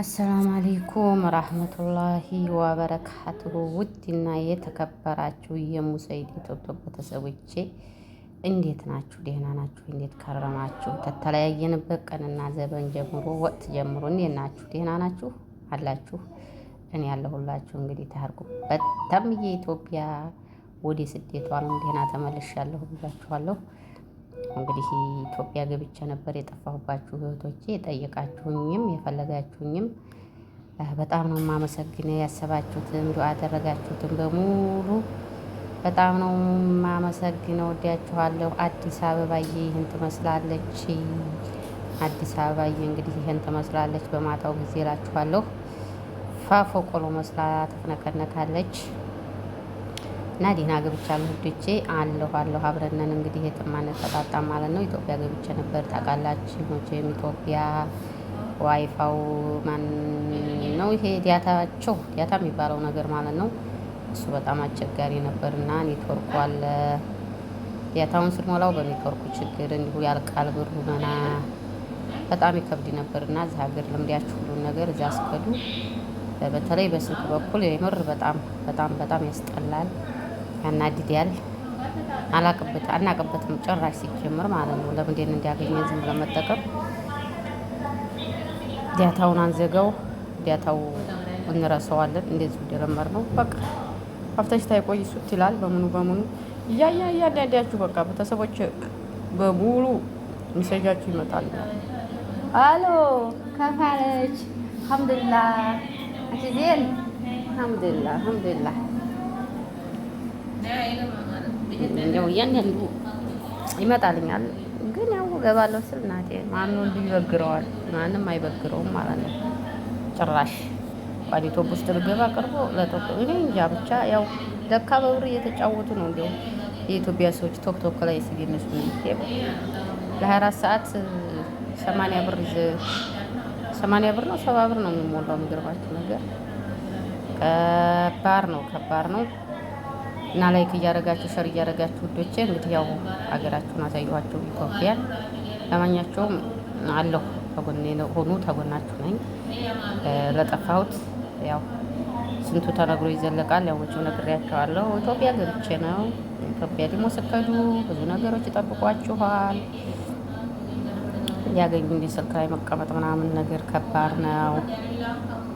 አሰላሙ አሌይኩም ራህመቱላሂ ወበረካቱሁ ውድና የተከበራችሁ የሙሰይድ ኢትዮጵያ ቤተሰቦቼ እንዴት ናችሁ? ደህና ናችሁ? እንዴት ከረማችሁ? ከተለያየንበት ቀንና ዘበን ጀምሮ ወቅት ጀምሮ እንዴት ናችሁ? ደህና ናችሁ አላችሁ? እኔ ያለሁላችሁ እንግዲህ ታርጉ በጣም የኢትዮጵያ ወደ ስደቷ ነው ደህና ተመልሻለሁ ብያችኋለሁ። እንግዲህ ኢትዮጵያ ገብቼ ነበር የጠፋሁባችሁ እህቶቼ። የጠየቃችሁኝም የፈለጋችሁኝም በጣም ነው የማመሰግነው። ያሰባችሁትም ዱዓ ያደረጋችሁትም በሙሉ በጣም ነው የማመሰግነው። ወዲያችኋለሁ። አዲስ አበባዬ ይህን ትመስላለች። አዲስ አበባዬ እንግዲህ ይህን ትመስላለች። በማታው ጊዜ እላችኋለሁ። ፋፎ ቆሎ መስላ ትፍነከነካለች። እና ዲና ገብቻለሁ ውዶቼ፣ አለሁ አለሁ አብረን እንግዲህ የጥማነት ተጣጣ ማለት ነው። ኢትዮጵያ ገብቼ ነበር ታውቃላችሁ። መቼም ኢትዮጵያ ዋይፋው ማን ነው ይሄ ዲያታቸው ዲያታ የሚባለው ነገር ማለት ነው። እሱ በጣም አስቸጋሪ ነበር እና ኔትወርኩ አለ ዲያታውን ስንሞላው በኔትወርኩ ችግር እንዲሁ ያልቃል ብሩ መና በጣም ይከብድ ነበር እና እዚህ ሀገር ልምዳችሁ ሁሉን ነገር እዚያ አስከዱ በተለይ በስልክ በኩል የምር በጣም በጣም በጣም ያስጠላል። ያናድዳል። አላቅበት አናቅበትም ጭራሽ ሲጀምር ማለት ነው። ለምንድን እንዲያገኘ ዝም ለመጠቀም ዳታውን አንዘገው ዲያታው እንረሳዋለን። እንደዚህ እንደለመር ነው በቃ ሀብተሽ ታይቆይ ሱት ይላል። በምኑ በምኑ እያያ እያንዳንዳችሁ በቃ ቤተሰቦች በሙሉ ሚሰጃችሁ ይመጣል። አሎ ከፋለች አልሐምዱሊላህ አሽዜን አልሐምዱሊላህ አልሐምዱሊላህ እንደው እያንዳንዱ ይመጣልኛል ግን ያው ገባለሁ ስል እናቴ ማነው እንዲህ ይበግረዋል? ማንም አይበግረውም ማለት ነው ጭራሽ ባዲ ቶፕ ውስጥ ልገባ ቀርቦ ለጠቆ እኔ እንጃ ብቻ ያው ለካ በብር እየተጫወቱ ነው። እንዲያው የኢትዮጵያ ሰዎች ቶክ ቶክ ላይ ሲገነሱ ነው ለ24 ሰዓት 80 ብር 80 ብር ነው 70 ብር ነው የሚሞላው። የሚገርባችሁ ነገር ከባድ ነው ከባድ ነው። እና ላይክ እያደረጋችሁ ሸር እያደረጋችሁ ውዶቼ እንግዲህ ያው ሀገራችሁን አሳየኋቸው ኢትዮጵያን። ለማንኛቸውም አለሁ ከጎኔ ሆኑ ተጎናችሁ ነኝ። ለጠፋሁት ያው ስንቱ ተነግሮ ይዘለቃል። ያው መቼም ነግሬያቸዋለሁ። ኢትዮጵያ ገብቼ ነው። ኢትዮጵያ ደግሞ ስከዱ ብዙ ነገሮች ይጠብቋችኋል። ያገኙ እንዲ ስልክ ላይ መቀመጥ ምናምን ነገር ከባድ ነው።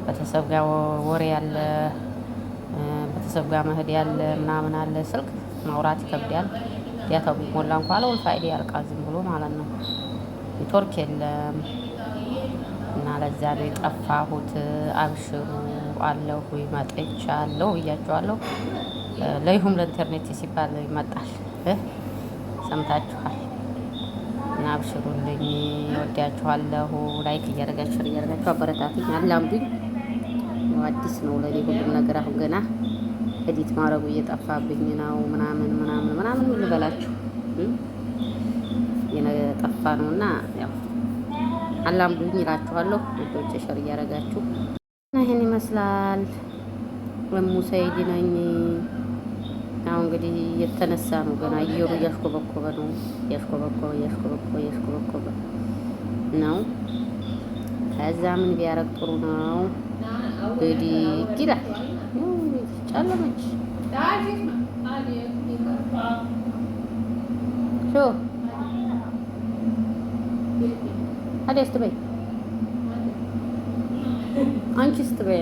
ቤተሰብ ጋር ወሬ ያለ ቤተሰብ ጋር መሄድ ያለ ምናምን አለ። ስልክ ማውራት ይከብዳል። ዳታው ቢሞላ እንኳ ለውል ፋይዳ ያልቃ ዝም ብሎ ማለት ነው። ኔትወርክ የለም እና ለዚያ ነው የጠፋሁት። አብሽሩ አለሁ መጥቻለሁ እያቸዋለሁ። ለይሁም ለኢንተርኔት ሲባል ይመጣል። ሰምታችኋል። እና አብሽሩልኝ፣ ወዲያችኋለሁ። ላይክ እያደረጋችሁ እያደረጋችሁ አበረታቱኝ፣ አላምዱኝ ነው፣ አዲስ ነው ለእኔ ሁሉም ነገር። አሁን ገና ኤዲት ማድረጉ እየጠፋብኝ ነው ምናምን ምናምን ምናምን ልበላችሁ የጠፋ ነው እና ያው አላምዱኝ ይላችኋለሁ። ወዶች ሸር እያደረጋችሁ እና ይህን ይመስላል። እሙ ነኝ። አሁን እንግዲህ የተነሳ ነው ገና አየሩ እያሽኮበኮበ ነው እያሽኮበኮበ እያሽኮበኮበ እያሽኮበኮበ ነው። ከዛ ምን ቢያረግ ጥሩ ነው? ብድግ ይላል። ጨለመች። አዲ አስትበይ አንቺ ስትበይ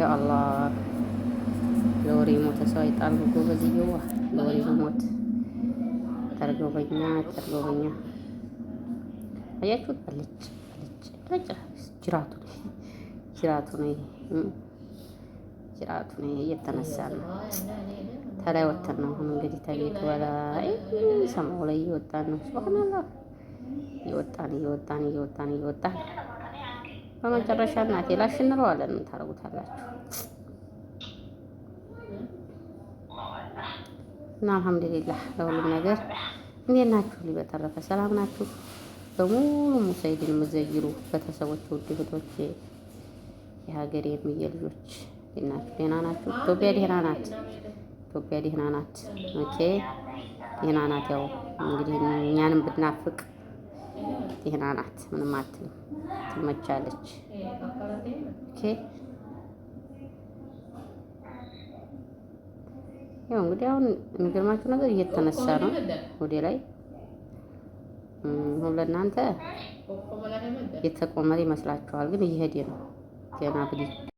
ያ አላህ ለወሬ ሞተ ሰው አይጣል ጎበዝ ይዋ ለወሬ ሞት ተርጎበኛ ተርጎበኛ አያችሁ አለች አለች ጅራቱ ጅራቱ ነው ይሄ ጅራቱ ነው እየተነሳ ነው። ተላይ ወተን ነው አሁን እንግዲህ ተቤቱ በላይ ሰማው ላይ እየወጣን ነው። ሱብሃንአላህ እየወጣን እየወጣን እየወጣን እየወጣን በመጨረሻ እናቴ ላሽ እንለዋለን። ምን ታደርጉታላችሁ? እና አልሐምዱሊላህ ለሁሉም ነገር እንዴት ናችሁ? ልጅ በተረፈ ሰላም ናችሁ? በሙሉ ሙሰይድን የምዘይሩ ቤተሰቦች ውድ እህቶቼ የሀገሬ የምዬ ልጆች ናችሁ? ደህና ናችሁ? ኢትዮጵያ ደህና ናት። ኢትዮጵያ ደህና ናት። ኦኬ ደህና ናት። ያው እንግዲህ እኛንም ብናፍቅ ደህና ናት። ምንም አትልም፣ ትመቻለች። ኦኬ ያው እንግዲህ አሁን የሚገርማችሁ ነገር እየተነሳ ነው ወደ ላይ ሁሉ እናንተ የተቆመረ ይመስላችኋል፣ ግን እየሄደ ነው केनापि